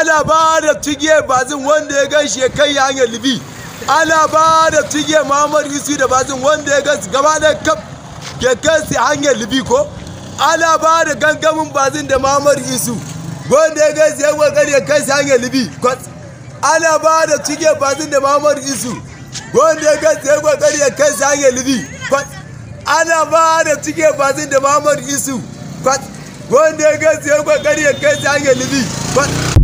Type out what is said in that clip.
ana ba da tuge bazin wanda ya gan ya kai ya hanyar libi ana ba da tuge muhammadu isu da bazin wanda ya gan su gaba da kaf ya kai su hanyar libi ko ana ba da gangamin bazin da muhammadu isu wanda ya gan su yan kokari ya kai su hanyar libi kwats ana ba da tuge bazin da muhammadu isu wanda ya gan su yan kokari ya kai su hanyar libi kwats ana ba da tuge bazin da muhammadu isu kwats wanda ya gan su yan kokari ya kai su hanyar libi kwats